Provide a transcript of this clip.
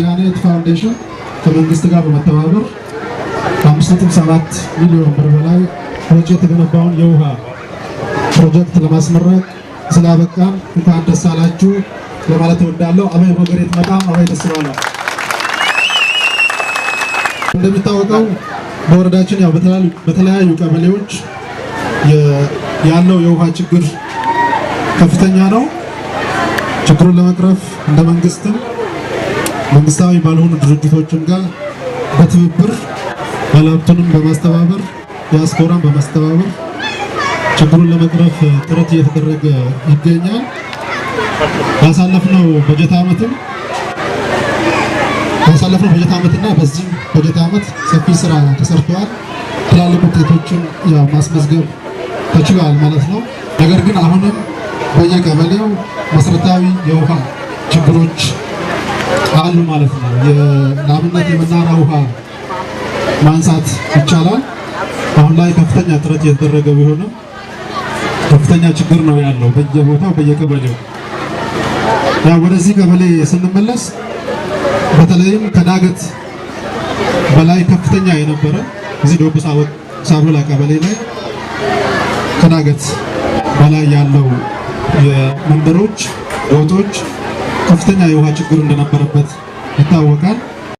የአንድነት ፋውንዴሽን ከመንግስት ጋር በመተባበር አምስት ነጥብ ሰባት ሚሊዮን ብር በላይ ፕሮጀክት የተገነባውን የውሃ ፕሮጀክት ለማስመረቅ ስላበቃን እንኳን ደስ አላችሁ ለማለት እወዳለሁ። አበይ ወገሬት መጣም አበይ ደስ ባለ። እንደሚታወቀው በወረዳችን ያው በተለያዩ ቀበሌዎች ያለው የውሃ ችግር ከፍተኛ ነው። ችግሩን ለመቅረፍ እንደ መንግስትም መንግስታዊ ባልሆኑ ድርጅቶችም ጋር በትብብር ባለሀብቱንም በማስተባበር ዲያስፖራን በማስተባበር ችግሩን ለመቅረፍ ጥረት እየተደረገ ይገኛል። ያሳለፍነው በጀት ዓመትም ያሳለፍነው በጀት ዓመትና በዚህ በጀት ዓመት ሰፊ ስራ ተሰርተዋል። ትላልቅ ውጤቶችን ያው ማስመዝገብ ተችሏል ማለት ነው። ነገር ግን አሁንም በየቀበሌው መሰረታዊ የውሃ ችግሮች አሉ ማለት ነው። ለአብነት የመናራ ውሃ ማንሳት ይቻላል። አሁን ላይ ከፍተኛ ጥረት የተደረገ ቢሆንም ከፍተኛ ችግር ነው ያለው በየቦታው በየቀበሌው። ያው ወደዚህ ቀበሌ ስንመለስ በተለይም ከዳገት በላይ ከፍተኛ የነበረ እዚህ ዶብ ሳቦላ ቀበሌ ላይ ከዳገት በላይ ያለው የመንደሮች ቦቶች ከፍተኛ የውሃ ችግር እንደነበረበት ይታወቃል።